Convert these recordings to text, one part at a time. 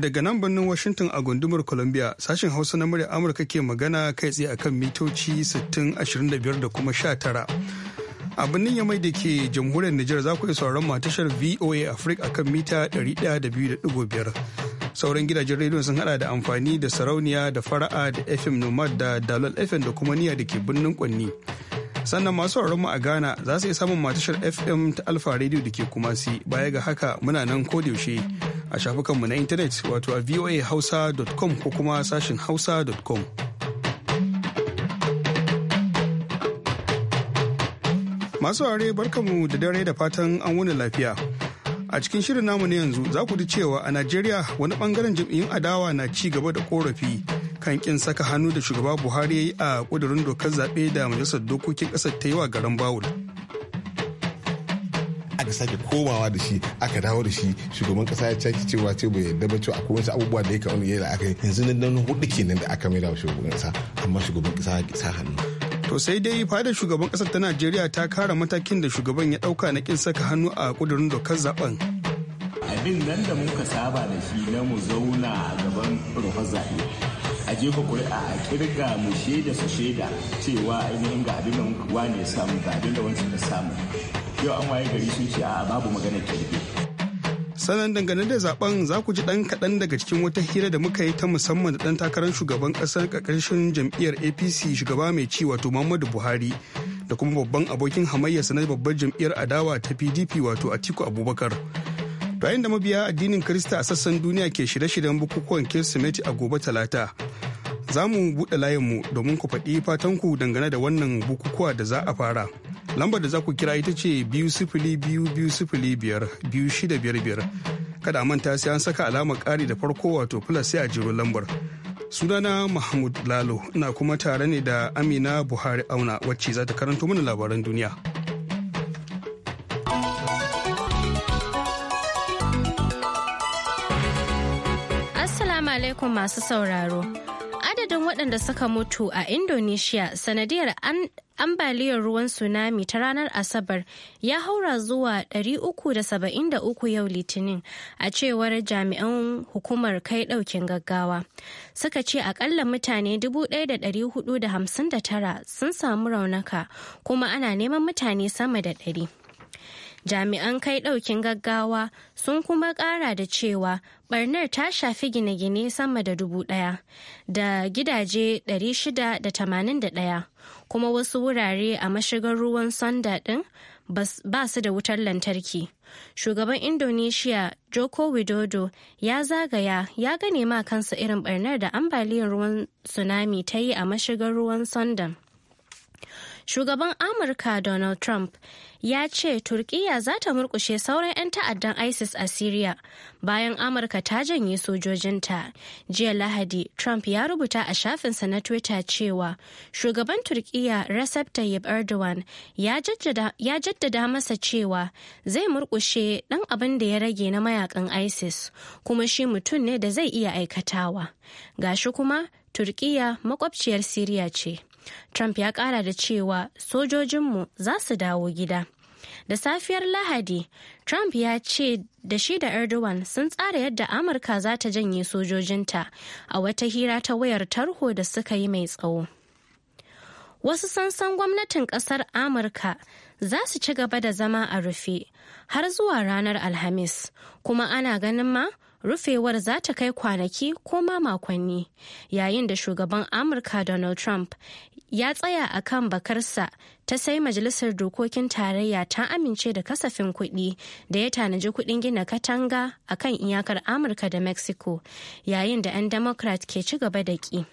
daga nan birnin Washington a gundumar Columbia sashen Hausa na murya Amurka ke magana kai tsaye akan mitoci 6025 da kuma 19. A birnin Yamai da ke jamhuriyar Nijar za ku iya sauran tashar VOA Africa akan mita 102.5. Sauran gidajen rediyo sun hada da amfani da sarauniya da fara'a da FM Nomad da Dalal FM da kuma niya da ke birnin Kwanni. sannan masu mu a ghana za su iya samun matashar fm ta alfa radio da ke kumasi baya ga haka muna nan kodayaushe a shafukanmu na intanet wato a voahausa.com ko kuma sashin hausa.com. Masu ware barkanmu da dare da fatan an wuni lafiya. A cikin shirin namu na yanzu za ku ji cewa a Najeriya wani bangaren jam'iyyun adawa na ci gaba da korafi kan kin saka hannu da shugaba Buhari ya yi a kudurin dokar zaɓe da majalisar dokokin ƙasar ta yi wa garin Bawul. aka sake komawa da shi aka dawo da shi shugaban kasa ya caki cewa ce bai yarda ba cewa akwai wasu abubuwa da ya kawo yayi aka yi yanzu nan hudu kenan da aka maida wa shugaban kasa amma shugaban kasa ya sa hannu to sai dai fadar shugaban kasar ta Najeriya ta kara matakin da shugaban ya dauka na kin saka hannu a kudurin dokar zaben abin nan da muka saba da shi na mu zauna a gaban rufar zaɓe a jefa ƙuri'a a kirga mu shaida su shaida cewa ainihin ga abin da muka wane samu ga abin da wancan da samu yau an waye gari sun ce a babu maganar kirki sanan dangane da zaben za ku ji dan kaɗan daga cikin wata hira da muka yi ta musamman da dan takarar shugaban ƙasar ƙarƙashin jam'iyyar apc shugaba mai ci wato muhammadu buhari da kuma babban abokin hamayya na babbar jam'iyyar adawa ta pdp wato atiku abubakar bayan da mabiya addinin Kirista a sassan duniya ke shirye-shiryen bukukuwan Kirsimeti a gobe Talata. Za mu buɗe layinmu domin ku faɗi fatanku dangane da wannan bukukuwa da za a fara. lambar da za ku kira ita ce biyu sifili biyu biyu sifili biyar biyu shida biyar biyar kada a manta sai an saka alamar ƙari da farko wato plus sai a jiro lambar sunana mahmud lalo na kuma tare ne da amina buhari auna wacce za ta karanto mana labaran duniya assalamu alaikum masu sauraro adadin waɗanda suka mutu a Indonesia sanadiyar ambaliyar ruwan tsunami ta ranar Asabar ya haura zuwa 373 yau Litinin a cewar jami'an hukumar kai ɗaukin gaggawa. Suka ce akalla mutane 1,459 sun samu raunaka kuma ana neman mutane sama da 100. jami'an kai ɗaukin gaggawa sun kuma ƙara da cewa barnar ta shafi gine-gine sama da dubu ɗaya da gidaje 681 kuma wasu wurare a mashigar ruwan sanda ɗin ba su da wutar lantarki shugaban indonesia joko widodo ya zagaya ya gane ma kansa irin barnar da ambaliyar ruwan tsunami ta yi a mashigar ruwan sondan shugaban amurka donald trump ya ce turkiya za ta murkushe sauran 'yan ta'addan isis a syria bayan amurka ta janye sojojinta jiya lahadi trump ya rubuta a shafinsa na twitter cewa shugaban turkiya recep tayyip erdogan ya jaddada masa cewa zai murkushe dan abin da ya rage na mayakan isis kuma shi mutum ne da zai iya aikatawa Ga shi kuma turkiya makwabciyar syria ce Trump ya kara da cewa sojojinmu za su dawo gida. Da safiyar Lahadi, Trump ya ce da shi da Erdogan sun tsara yadda Amurka za ta janye sojojinta a wata hira ta wayar tarho da suka yi mai tsawo. Wasu sansan gwamnatin ƙasar Amurka za su ci gaba da zama a rufe har zuwa ranar Alhamis, kuma ana ganin ma rufewar za ta kai kwanaki ko ma makonni yayin da shugaban amurka donald trump ya tsaya a kan bakarsa ta sai majalisar dokokin tarayya ta amince da kasafin kuɗi da ya tanaji kuɗin gina katanga a kan iyakar amurka da mexico yayin da 'yan democrat ke ci gaba da ƙi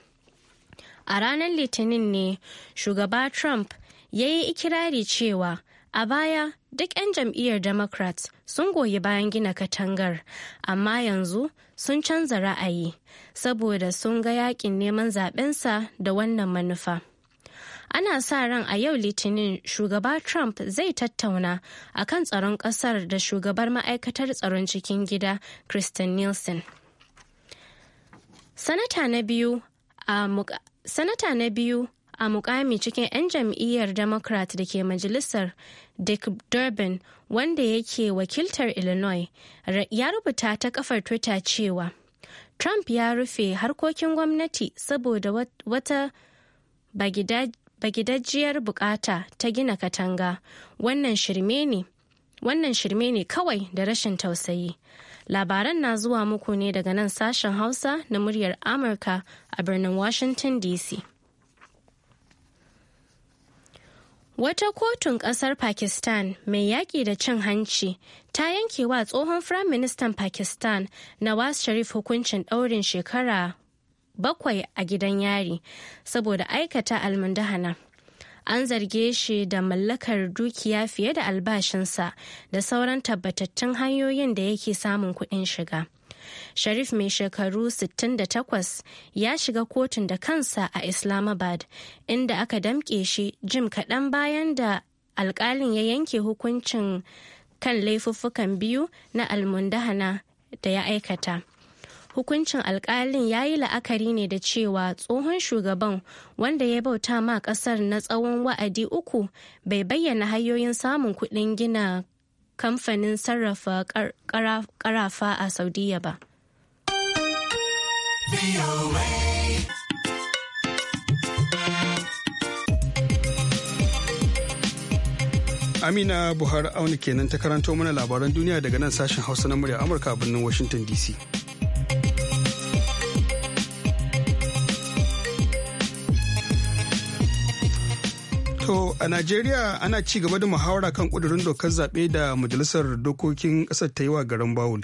a ranar litinin ne shugaba trump ya yi ikirari cewa A baya, duk 'yan jam'iyyar Democrats sun goyi bayan gina katangar, amma yanzu sun canza ra'ayi, saboda sun ga yakin neman zaɓensa da wannan manufa. Ana sa ran a yau Litinin shugaba Trump zai tattauna a kan tsaron ƙasar da shugabar ma'aikatar tsaron cikin gida Kristen Nielsen. Sanata na biyu a mukami cikin 'yan jam'iyyar democrat da ke majalisar dick durbin wanda yake wakiltar illinois ya rubuta ta kafar twitter cewa trump ya rufe harkokin gwamnati saboda wata bagidajiyar bukata ta gina katanga wannan shirme ne wannan shirme ne kawai da rashin tausayi labaran na zuwa muku ne daga nan sashen hausa na muryar amurka a birnin washington dc Wata kotun ƙasar Pakistan mai yaƙi da cin hanci ta yanke wa tsohon Firaministan Pakistan Nawaz Sharif hukuncin ɗaurin shekara bakwai a gidan yari saboda aikata almundahana. An zarge shi da mallakar dukiya fiye da albashinsa da sauran tabbatattun hanyoyin da yake samun kuɗin shiga. Sharif mai shekaru 68 ya shiga kotun da kansa a Islamabad inda aka damƙe shi jim kaɗan bayan da alƙalin ya yanke hukuncin kan laifuffukan biyu na almundahana da ya aikata. Hukuncin alƙalin ya yi la'akari ne da cewa tsohon shugaban wanda ya bauta ma ƙasar na tsawon wa'adi uku bai bayyana hanyoyin samun kuɗin gina kamfanin sarrafa karafa a saudiya ba. Amina Buhari auni kenan ta karanto mana labaran duniya daga nan sashen Hausa na murya Amurka a birnin Washington DC. a Najeriya ana ci gaba da muhawara kan kudurin dokar zaɓe da majalisar dokokin ƙasar ta yi wa garin Bawul.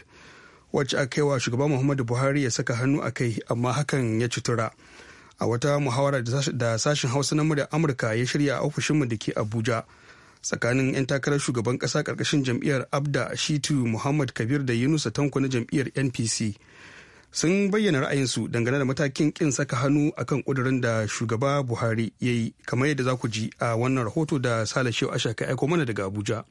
Wacce a kaiwa shugaba Muhammadu Buhari ya saka hannu a kai amma hakan ya cutura. A wata muhawara da sashen Hausa na murya Amurka ya shirya a ofishinmu da ke Abuja. Tsakanin 'yan takarar shugaban ƙasa ƙarƙashin jam'iyyar Abda Shitu Muhammad Kabir da Yunusa Tanko na jam'iyyar NPC. sun bayyana ra'ayinsu dangane da matakin kin saka hannu akan kudurin da shugaba buhari ya yi kamar yadda za ku ji a wannan rahoto da sale shehu ashaka aiko mana daga abuja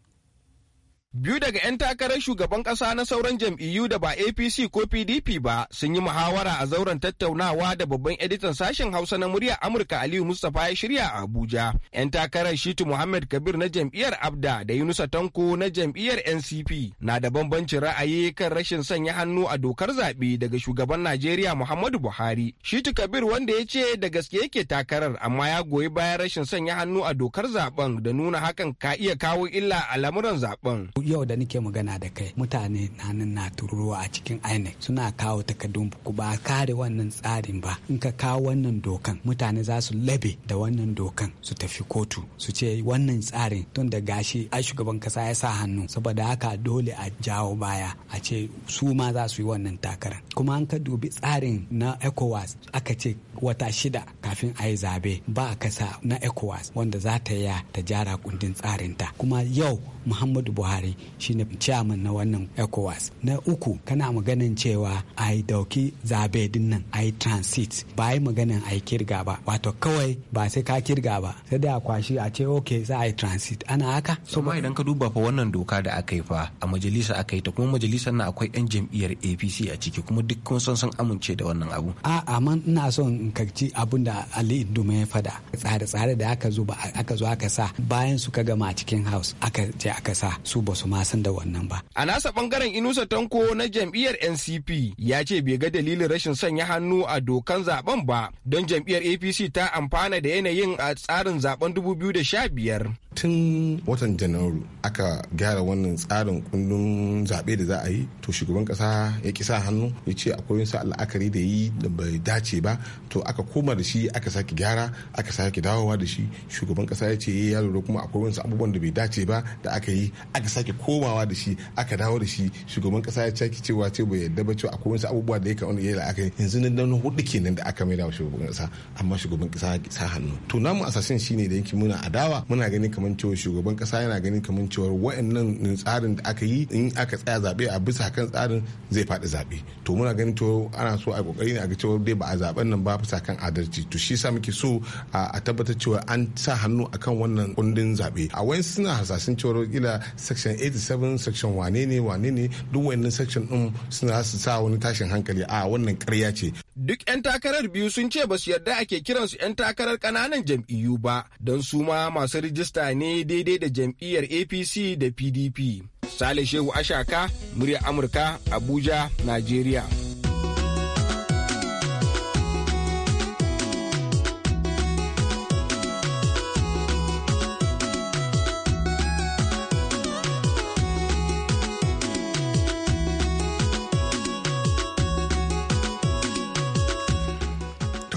Biyu daga 'yan takarar shugaban ƙasa na sauran jam'iyyu da ba APC ko PDP ba sun yi muhawara a zauren tattaunawa da babban editan sashen Hausa na muryar Amurka Aliyu Mustapha ya shirya a Abuja. 'Yan takarar Shitu Muhammad Kabir na jam'iyyar Abda da Yunusa Tanko na jam'iyyar NCP na da bambancin ra'ayi kan rashin sanya hannu a dokar zaɓe daga shugaban Najeriya Muhammadu Buhari. Shitu Kabir wanda ya ce da gaske yake takarar amma ya goyi bayan rashin sanya hannu a dokar zaɓen da nuna hakan ka iya kawo illa a lamuran zaben. yau da nake magana da kai mutane na nan na tururuwa a cikin INEC suna kawo takardun ku ba kare wannan tsarin ba in ka kawo wannan dokan mutane za su labe da wannan dokan su tafi kotu su ce wannan tsarin tun da gashi a shugaban kasa ya sa hannu saboda haka dole a jawo baya a ce su ma za su yi wannan takara kuma an ka dubi tsarin na ECOWAS aka ce wata shida kafin a yi zabe ba a kasa na ECOWAS wanda za ta yi ta jara kundin tsarinta kuma yau Muhammadu Buhari turai shine chairman na wannan ecowas na uku kana maganin cewa a yi dauki zabe din nan a yi transit ba yi maganin a yi kirga ba wato kawai ba sai ka kirga ba sai da kwashi a ce ok za a yi transit ana haka so ma idan ka duba fa wannan doka da aka yi fa a majalisa aka yi ta kuma majalisar na akwai yan jam'iyyar apc a ciki kuma duk kun san san amince da wannan abu a amma ina son in karci abin da ali induma ya fada tsare-tsare da aka zo aka zo sa bayan suka gama a cikin house aka je aka sa su ba su ma san da wannan ba. A nasa bangaren Inusa Tanko na jam'iyyar NCP ya ce bai ga dalilin rashin sanya hannu a dokan zaben ba don jam'iyyar APC ta amfana da yanayin a tsarin zaben 2015. Tun watan Janairu aka gyara wannan tsarin kundin zaɓe da za a yi to shugaban ƙasa ya sa hannu ya ce akwai wasu la'akari da yi da bai dace ba to aka koma da shi aka sake gyara aka sake dawowa da shi shugaban ƙasa ya ce eh, ya lura kuma akwai wasu abubuwan da bai dace ba da aka yi aka sake sake komawa da shi aka dawo da shi shugaban kasa ya caki cewa ce bai yadda ba cewa akwai wasu abubuwa da ya kawo da aka la'akari yanzu nan nan hudu kenan da aka maida wa shugaban kasa amma shugaban kasa ya sa hannu to namu assassin shine da yake muna adawa muna ganin kamar cewa shugaban kasa yana ganin kamar cewa wa'annan tsarin da aka yi in aka tsaya zabe a bisa kan tsarin zai faɗi zabe to muna ganin to ana so a kokari ne a ga cewa dai ba a zaben nan ba bisa kan adalci to shi yasa muke so a tabbatar cewa an sa hannu akan wannan kundin zabe a wayansu suna hasashen cewa kila section section 87 section wane ne wane ne duk wannan section din suna su sa wani tashin hankali a wannan karya ce duk 'yan takarar biyu sun ce ba su yarda ake kiransu 'yan takarar kananan jam'iyyu ba don su ma masu rijista ne daidai da jam'iyyar apc da pdp sale shehu ashaka murya amurka abuja najeriya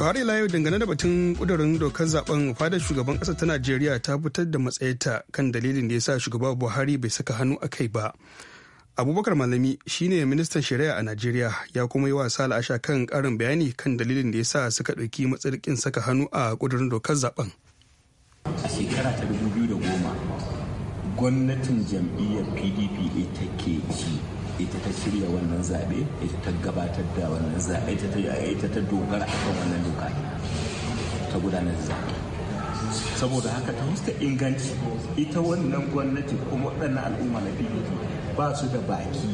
Buhari ila yau dangane da batun kudurin dokar zaben fadar shugaban kasa ta najeriya ta fitar da matsayarta kan dalilin da ya sa shugaba buhari bai saka hannu a kai ba abubakar malami shine ministan shari'a a najeriya ya kuma yi wasa la'asha kan karin bayani kan dalilin da ya sa suka ɗauki matsarkin saka hannu a kudurin dokar zaben a shekara ta 2010 gwamnatin jam'iyyar pdp ita ke ci ita ta shirya wannan zaɓe ita ta gabatar da wannan zaɓe ita ta dogara a kan wannan doka ta gudanar zaɓe saboda haka ta huska inganci ita wannan gwamnati kuma waɗannan al'umma na biyu ba su da baki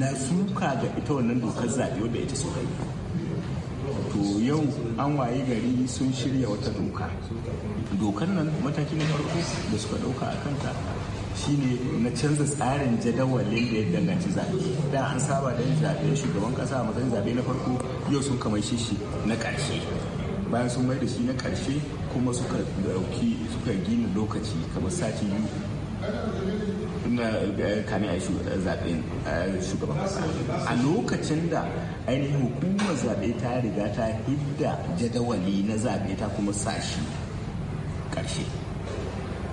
na suka ga ita wannan dokar zaɓe wadda ita suka yi to yau an waye gari sun shirya wata doka dokar nan mataki na farko da suka ɗauka a kanta shine na canza tsarin jadawalin da ya danganci zaɓe da an saba da yin zaɓe shugaban ƙasa a matsayin zaɓe na farko yau sun kamar shi na ƙarshe bayan sun mai da shi na ƙarshe kuma suka dauki suka gina lokaci kamar sati biyu na eh, kane a eh, zaɓen eh, shugaban ƙasa a lokacin da ainihin hukumar zaɓe ta riga ta hidda jadawali na zaɓe ta kuma sashi ƙarshe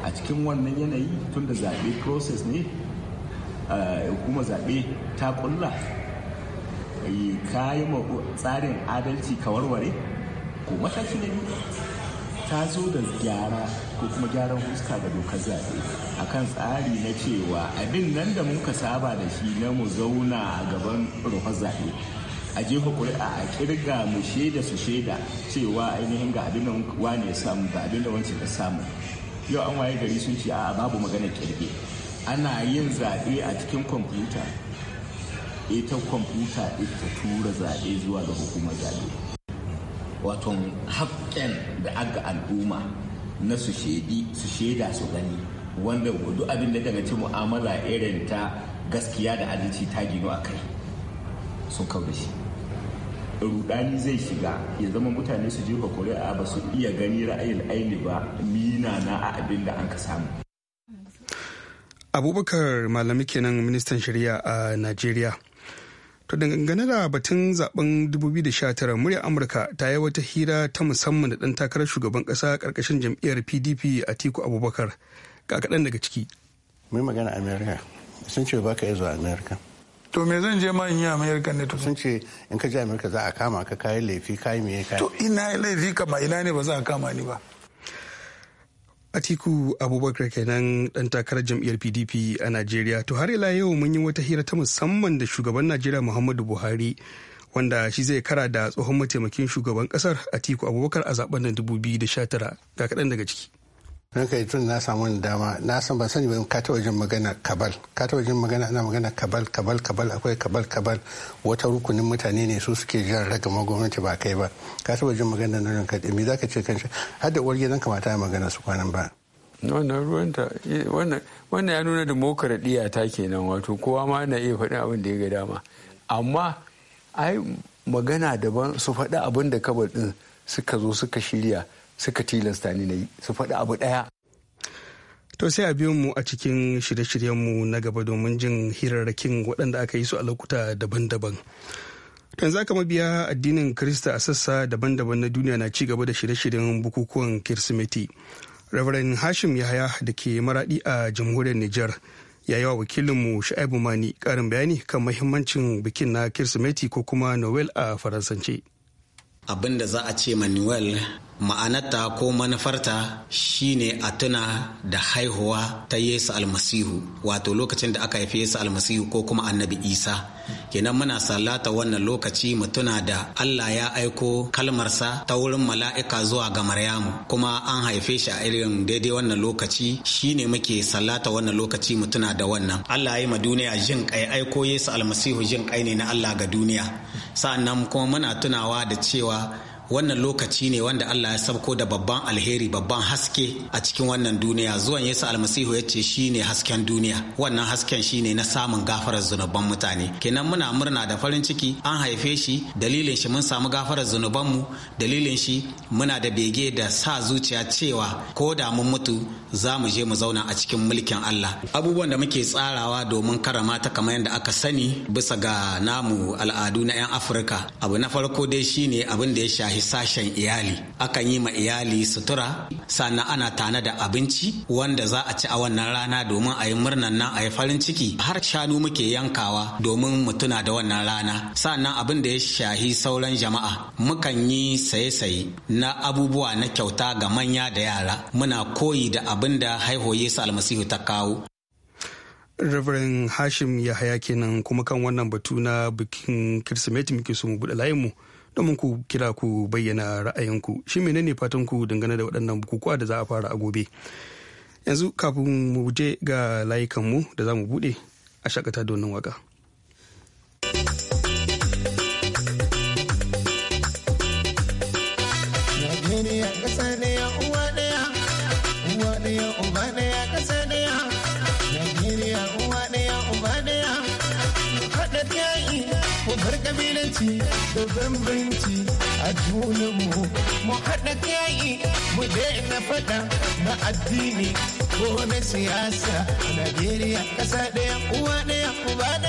a cikin wannan yanayi tun da zaɓe process ne kuma zaɓe ta ƙulla ka yi tsarin adalci ka warware ko mataki na biyu ta zo da gyara ko kuma gyaran fuska ga dokar zaɓe A kan tsari na cewa abin nan da muka saba da shi na mu zauna a gaban rufar zaɓe a jefa ƙuri'a a kirga mu shaida su shaida cewa ainihin ga abin da wani ya samu ga abin da wancan ya samu yau an waye gari sun ce a babu magana kirge ana yin zaɓe a cikin kwamfuta ita kwamfuta ita tura zaɓe zuwa ga hukumar zaɓe wato haƙƙen da aga al'umma na su shaida su gani wanda duk abin da daga ci mu'amala irin ta gaskiya da adalci ta gino a kai sun kau da shi rudani zai shiga ya zama mutane su jefa kuri'a ba su iya gani ra'ayin aini ba mi gina na a abin da an ka samu abubakar malami kenan ministan shari'a a najeriya to dangane da batun zaben 2019 murya amurka ta yi wata hira ta musamman da dan takarar shugaban kasa karkashin jam'iyyar pdp a tiku abubakar ga kaɗan daga ciki mai magana amerika sun ce ba ka iya zuwa amerika to me zan je ma in yi amerika ne to sun ce in ka je amerika za a kama ka kayi laifi kayi me kayi to ina laifi kama ina ne ba za a kama ni ba Atiku Abubakar kenan dan takarar jam'iyyar PDP a Najeriya. To har ila yau mun yi wata hira ta musamman da shugaban Najeriya Muhammadu Buhari wanda shi zai kara da tsohon mataimakin shugaban kasar Atiku Abubakar a zaben 2019 ga kaɗan daga ciki. ranka yi tun na samu wani dama na san ban sani ba kata wajen magana kabal kata wajen magana ana magana kabal kabal kabal akwai kabal kabal wata rukunin mutane ne su suke jan ragama gwamnati ba kai ba kata wajen magana na ranka eh, me za ka ce kanshi har da uwar gidan kamata magana su kwanan ba wannan ta eh, wannan ya nuna demokaradiyya ta kenan wato kowa ma na iya faɗin abin da ya ga dama amma ai magana daban su faɗi abin da kabal ɗin suka zo suka shirya suka tilasta ni na yi su faɗi abu ɗaya To sai a biyo mu a cikin shirye-shiryenmu na gaba domin jin hirarrakin waɗanda aka yi su a lokuta daban-daban. Yanzu aka mabiya addinin Kirista a sassa daban-daban na duniya na ci gaba da shirye-shiryen bukukuwan Kirsimeti. Reverend Hashim Yahaya da ke maraɗi a jamhuriyar Nijar ya yi wa wakilinmu Sha'ibu Mani ƙarin bayani kan mahimmancin bikin na Kirsimeti ko kuma Noel a Faransance. Abin da za a ce ma Noel ma'anarta ko manufarta shine a tuna da haihuwa ta yesu almasihu wato lokacin da aka haifi yesu almasihu ko kuma annabi isa kenan muna salata wannan lokaci mu tuna da allah ya aiko kalmarsa ta wurin mala'ika zuwa ga maryamu kuma an haife shi a irin daidai wannan lokaci shine muke salata wannan lokaci mu tuna da wannan allah ya yi ma duniya jin kai aiko yesu almasihu jin kai ne na allah ga duniya sa'annan kuma muna tunawa da cewa wannan lokaci ne wanda Allah ya sabko da babban alheri babban haske a cikin wannan duniya zuwan Yesu almasihu ya ce shi ne hasken duniya wannan hasken shi ne na samun gafarar zunuban mutane kenan muna murna da farin ciki an haife shi dalilin shi mun samu gafarar mu dalilin shi muna da bege da sa zuciya cewa ko da mun mutu za mu je mu zauna a cikin mulkin Allah abubuwan da muke tsarawa domin karama ta kamar yadda aka sani bisa ga namu al'adu na 'yan Afirka abu na farko dai shine abin da ya shahi sashen iyali akan yi ma iyali sutura sannan ana tana da abinci wanda za a ci a wannan rana domin a yi murnan nan a yi farin ciki har shanu muke yankawa domin mu tuna da wannan rana sannan abin da ya shahi sauran jama'a mukan yi saye-saye na abubuwa na kyauta ga manya da yara muna koyi da abin da haihoye su almasihu ta kawo Reverend Hashim Yahaya kenan kuma kan wannan batu na bikin Kirsimeti muke so mu buɗe layinmu. mu domin ku kira ku bayyana ra'ayinku shi menene fatan ku dangane da waɗannan bukukuwa da za a fara a gobe yanzu kafin mu je ga layukanmu da za mu buɗe a shakata da wannan waka. Yeah. uwa ɗaya, da bambanci a junanmu mu haɗa kayi mu daina faɗa na addini ko na siyasa a Najeriya ƙasa ɗaya uwa ɗaya uba ɗaya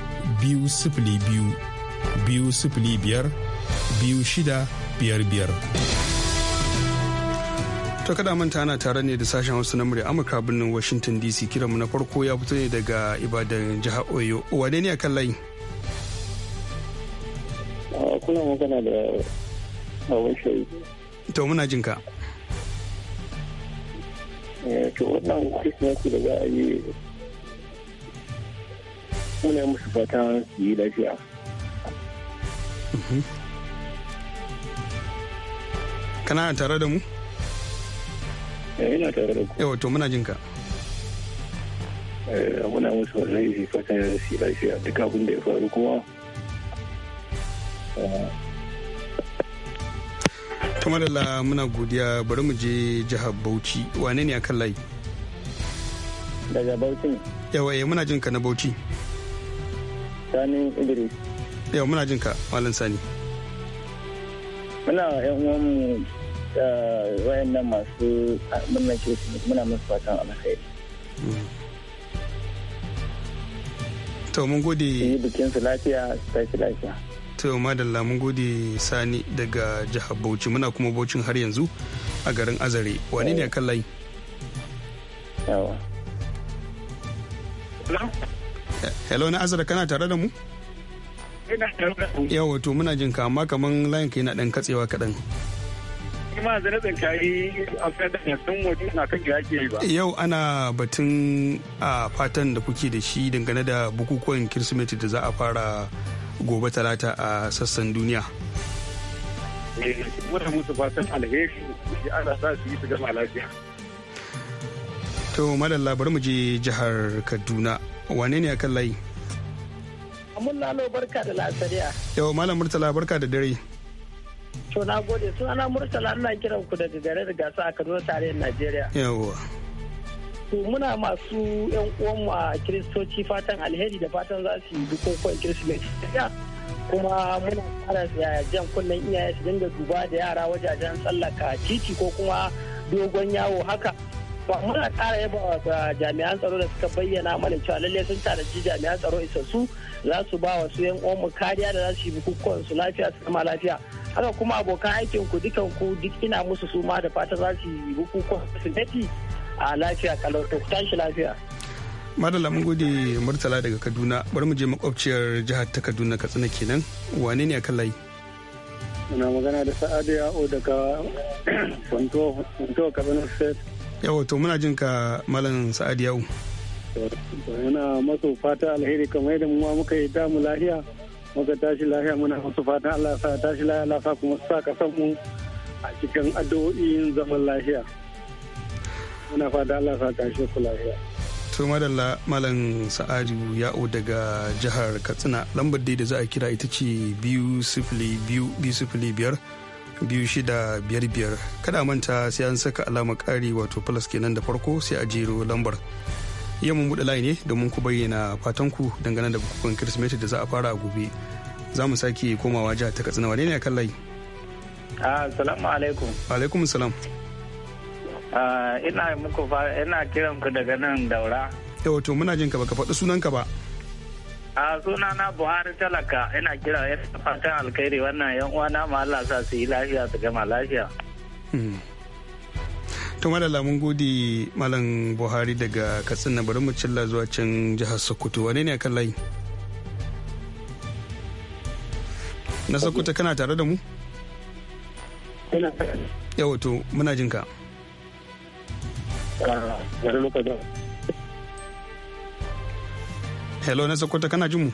biyu sifili biyu biyu sifili biyar biyu shida biyar biyar. To kada manta ana tare ne da sashen Hausa na murya Amurka birnin Washington DC kiranmu na farko ya fito ne daga Ibadan jihar Oyo. Wane ne a kan layi? Ah, kuna magana da Hawan To muna jinka. Eh, to wannan Kirsimeti da za a yi muna musu fata su yi lafiya. Mhm. Kana tare da mu? Eh, ina tare da ku. Yau, to muna jinka. Eh, muna musu wannan yi fata su yi lafiya duk abin da ya faru kuma. Eh. Tumadala muna godiya bari mu je jihar Bauchi wane ne a kan layi? Daga Bauchi ne. Yawa yi muna jin ka na Bauchi. Sani Idris. Yau muna jin ka Malam Sani. Muna yan uwan mu wayannan masu murnar Kirsimeti muna musu fatan alkhairi. To mun gode. Yi bikin su lafiya, tashi lafiya. To madalla mun gode Sani daga jihar Bauchi muna kuma Bauchin har yanzu a garin Azare. Wani ne kan layi? Yawa. hello na azara kana tare da mu yawo to muna jin ka amma kaman layin ka yana dan katsewa kaɗan sun na kan ba yau ana batun a fatan da kuke da shi dangane da bukukuwan kirsimeti da za a fara gobe talata a sassan duniya ana sa su yi su gama lafiya to madalla bari mu je jihar kaduna wane ne akan layi Amun barka da lasariya. Yau Malam Murtala barka da dare. To na gode sunana Murtala ina kiran ku daga garin gasa a Kaduna tarayyar Najeriya. Yawwa. To muna masu yan uwanmu a Kiristoci fatan alheri da fatan za su yi bukukuwan Kirsimeti. kuma muna fara jan kunnen iyaye su dinga duba da yara wajajen tsallaka titi ko kuma dogon yawo haka muna ƙara yaba wa jami'an tsaro da suka bayyana mana cewa lallai sun tanaji jami'an tsaro isassu za su ba wa su yan uwanmu kariya da za su yi bukukuwan su lafiya su zama lafiya haka kuma abokan aikin ku dukan ku duk ina musu su ma da fata za su yi bukukuwan su dafi a lafiya kalau to tashi lafiya madala mun gode murtala daga kaduna bari mu je makwabciyar jihar ta kaduna katsina kenan wane ne a kan layi muna magana da sa'adu ya'o daga kwanto kaduna state yawa to muna jin ka malam sa'ad yau yana masu fata alheri kamar yadda mu muka yi damu lahiya muka tashi lahiya muna masu fata Allah sa tashi lahiya Allah sa kuma sa kasan mu a cikin addu'o'in zaman lahiya muna fata Allah sa tashi ku lahiya to madalla malam sa'adu ya'o daga jihar katsina lambar da za a kira ita ce biyu sifili biyu biyu sifili biyar biyu shida biyar biyar kada manta sai an saka alama kari wato plus kenan da farko sai a jero lambar yau mun buɗe layi ne domin ku bayyana fatan ku dangane da bukukuwan kirsimeti da za a fara a gobe za mu sake komawa jihar ta katsina wane ne kan layi ah, assalamu alaikum alaikum salam ah, ina kiran ku daga nan daura yau to muna jin ka baka faɗi sunan ka ba a sunana buhari talaka ina kira ya fatan alkhairi wannan yan uwa na Allah sa su yi lafiya su gama lafiya hmm. tun wadda mun gode malam buhari daga katsina bari mu cilla zuwa can jihar sokoto wane ne kan layi na sokoto kana tare da mu yawato muna jinka ah, hello na sokoto kana jin mu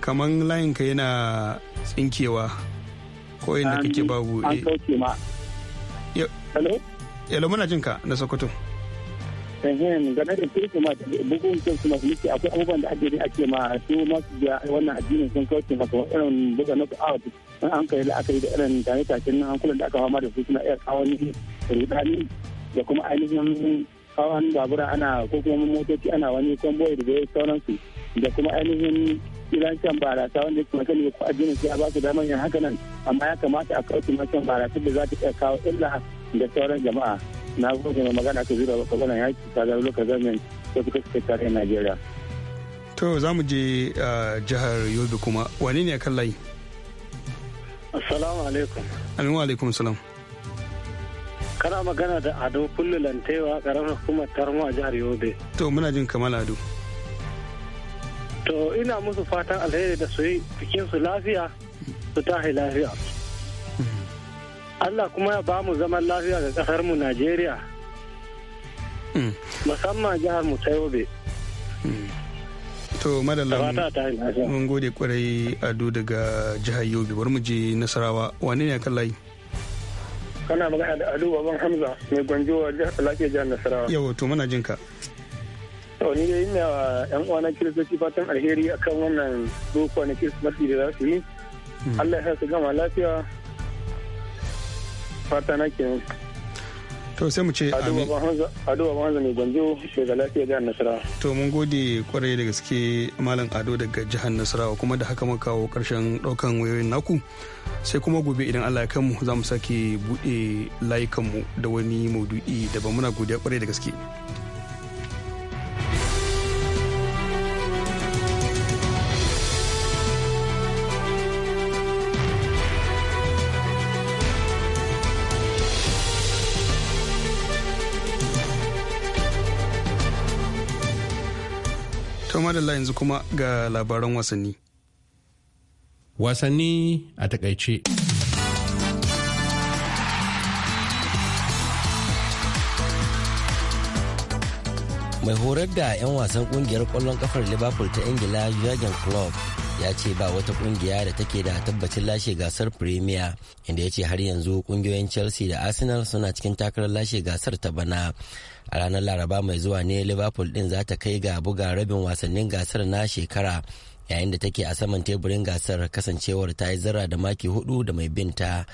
kaman layin ka yana tsinkewa ko inda kake babu an kauce eh. hello hello muna jin ka na sokoto game da kirki ma bugun akwai abubuwan da ake ake ma su masu wannan addinin sun kauce maka irin buga na out an an kai la'akari da irin tare tashin hankulan da aka fama da su suna iya kawo ni rudani da kuma ainihin hawan babura ana ko kuma motoci ana wani convoy da bai sauransu da kuma ainihin iran barasa wanda ya kamata ne ko addinin sai a ba su damar yin haka nan amma ya kamata a kawo ma shan barasa da za ta iya kawo illa da sauran jama'a na gode mai magana ta zira ba kabalan yaki ta zaro lokacin zamin ko suka suke tare Najeriya. To za mu je jihar Yobe kuma wani ne a kan layi? Assalamu Alaikum alaikum salam. kana magana da ado kullu lantewa karamar hukumar tarmo a jihar yobe to muna jin kamar ado to ina musu fatan alheri da su yi su lafiya su tahi lafiya Allah kuma ya ba mu zaman lafiya ga kasar mu Najeriya hmm. musamman jihar mu ta yobe hmm. to madalla mun gode kwarai ado daga jihar yobe bari mu je nasarawa wane ne kan layi kana magana da Aliyu Baban Hamza mai gwanjo a lafiyar jihar Nasarawa. Yau to muna jin ka. To ni dai ina yan uwana kiristoci fatan alheri akan wannan doko na kiristoci da za su yi. Hmm. Allah ya sa su gama lafiya. Fata na kenan. to sai mu ce amin ado baban hanza mai gwanjo daga lafiyar jihar nasarawa to mun gode kwarai da gaske malam ado daga jihar nasarawa kuma da haka muka kawo karshen daukan wayoyin naku sai kuma gobe idan allah ya mu za mu sake buɗe layukanmu da wani maudu'i daban muna godiya kwarai da gaske madalla yanzu kuma ga labaran wasanni. Wasanni a takaice. mai horar da 'yan wasan kungiyar kwallon kafar liverpool ta ingila jurgen klopp ya ce ba wata kungiya da take da tabbacin lashe gasar premier inda ya ce har yanzu kungiyoyin chelsea da arsenal suna cikin takarar lashe gasar ta bana a ranar laraba mai zuwa ne liverpool din za ta kai ga buga rabin wasannin gasar na shekara yayin da take a saman teburin gasar kasancewar ta yi zara da maki hudu da mai binta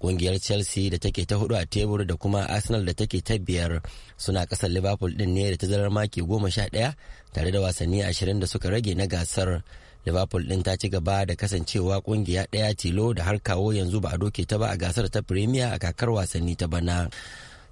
kungiyar chelsea da take ta hudu a tebur da kuma arsenal da take ta biyar suna kasar liverpool din ne da tazarar maki goma sha ɗaya tare da wasanni ashirin da suka rage na gasar liverpool ɗin ta ci gaba da kasancewa ƙungiya ɗaya tilo da har kawo yanzu ba a doke ta ba a gasar ta premier a kakar wasanni ta bana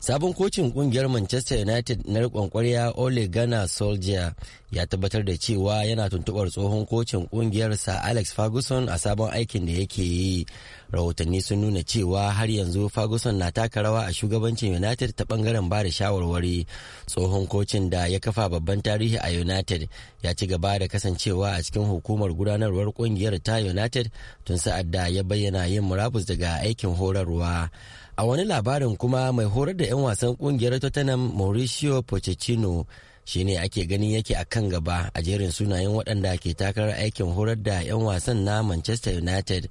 sabon kocin kungiyar manchester united na rikon kwarya ole gunnar soldier ya tabbatar da cewa yana tuntubar tsohon kocin kungiyar sa alex ferguson a sabon aikin da yake yi rahotanni sun nuna cewa har yanzu ferguson na taka rawa a shugabancin united ta bangaren ba da shawarwari tsohon kocin da ya kafa babban tarihi a united ya ci gaba da kasancewa a cikin hukumar gudanarwar kungiyar ta united tun sa'ad da ya bayyana yin murabus daga aikin horarwa a wani labarin kuma mai horar da 'yan wasan kungiyar tottenham mauricio pochettino shi ne ake ganin yake a kan gaba a jerin sunayen waɗanda ke takarar aikin horar da 'yan wasan na manchester united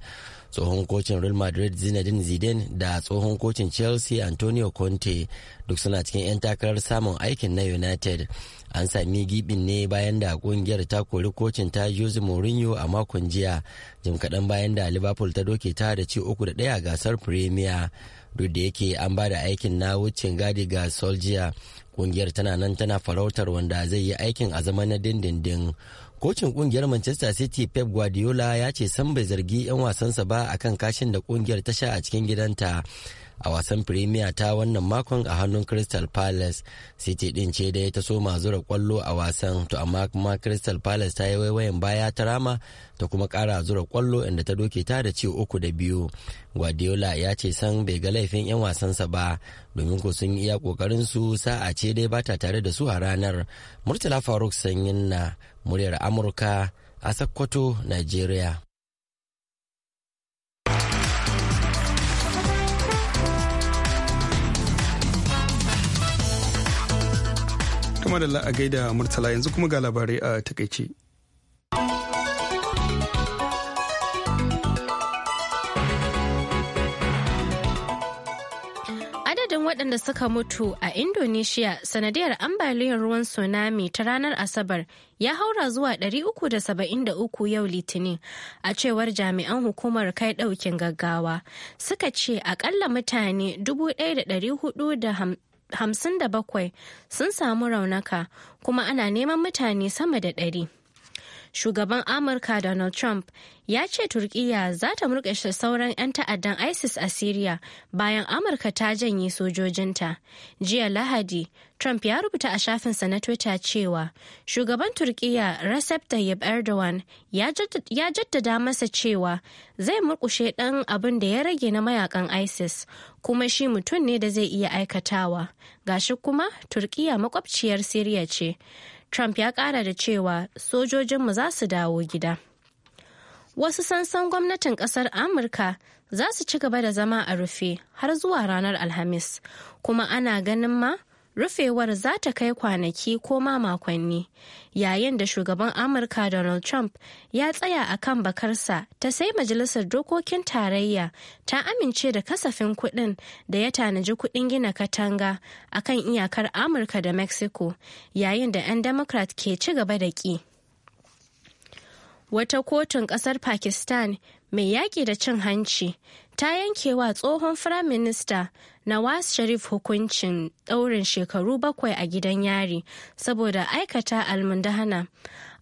tsohon kocin real madrid zinedine zidane da tsohon kocin chelsea antonio conte duk suna cikin 'yan takarar samun aikin na united an sami gibin ne bayan da kungiyar ta kori kocin ta jose mourinho a makon jiya jim kaɗan bayan da liverpool ta doke ta da ci uku da ɗaya gasar premier duk da yake an ba da aikin na wucin gadi ga soljiya kungiyar tana nan tana farautar wanda zai yi aikin a zama na dindindin kocin kungiyar manchester city pep guardiola ya ce san bai zargi 'yan wasansa ba akan kashin da kungiyar ta sha a cikin gidanta a wasan Premier ta wannan makon a hannun Crystal Palace. City din ce da ya taso mazura kwallo a wasan to amma kuma Crystal Palace ta yi waiwayin baya ta rama ta kuma kara zura kwallo inda ta doke ta da ci uku da biyu. Guardiola ya ce san bai ga laifin 'yan wasansa ba domin ko sun iya kokarin su sa'a ce dai ba ta tare da su a ranar. Murtala Faruk Sanyin na muryar Amurka a Sokoto, Nigeria. kama da la'a gaida Murtala yanzu kuma ga labarai a takaice. adadin waɗanda suka mutu a Indonesia sanadiyar ambaliyar ruwan tsunami ta ranar Asabar ya haura zuwa 373 yau Litinin a cewar jami'an hukumar kai ɗaukin gaggawa. Suka ce akalla mutane 1,450 57 sun samu raunaka kuma ana neman mutane sama da ɗari. shugaban amurka donald trump ya ce Turkiyya za ta murƙashe sauran 'yan ta'addan isis a syria bayan amurka ta janye sojojinta jiya lahadi trump ya rubuta a shafinsa na twitter cewa shugaban Turkiyya recep tayyip erdogan ya jaddada masa cewa zai murƙushe ɗan abin da ya rage na mayakan isis kuma shi mutum ne da zai iya aikatawa gashi kuma turkiya makwabciyar syria ce Trump ya ƙara da cewa sojojinmu za su dawo gida. Wasu sansan gwamnatin ƙasar Amurka za su ci gaba da zama a rufe har zuwa ranar Alhamis, kuma ana ganin ma rufewar za ta kai kwanaki ko ma makonni yayin da shugaban amurka donald trump ya tsaya a kan bakarsa ta sai majalisar dokokin tarayya ta amince da kasafin kuɗin da ya tanaji kuɗin gina katanga a kan iyakar amurka da mexico yayin da 'yan democrat ke ci gaba da ƙi wata kotun ƙasar pakistan mai yaƙi da cin hanci ta yanke wa tsohon firaminista Nawaz Sharif hukuncin ɗaurin shekaru bakwai a gidan yari saboda aikata almundahana.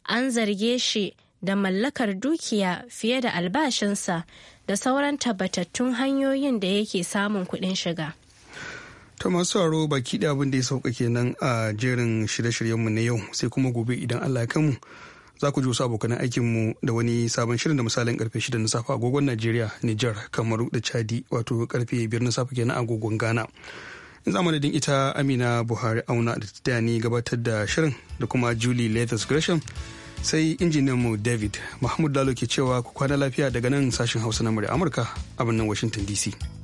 An zarge shi da mallakar dukiya fiye da albashinsa da sauran tabbatattun hanyoyin da yake samun kuɗin shiga. ta masu haro baki da abin da ya sauka kenan a jerin shirye-shiryenmu na yau sai kuma gobe idan Allah ya kamu za ku ji wasu aikin aikinmu da wani sabon shirin da misalin karfe 6 na safe agogon Najeriya, Nijar, Kamaru da Chadi wato karfe 5 na safe kenan agogon Ghana. In za madadin ita Amina Buhari Auna da ta gabatar da shirin da kuma Julie Lathis Gresham sai injiniyan mu David Mahmud Lalo ke cewa ku kwana lafiya daga nan sashen Hausa na Amurka a birnin Washington DC.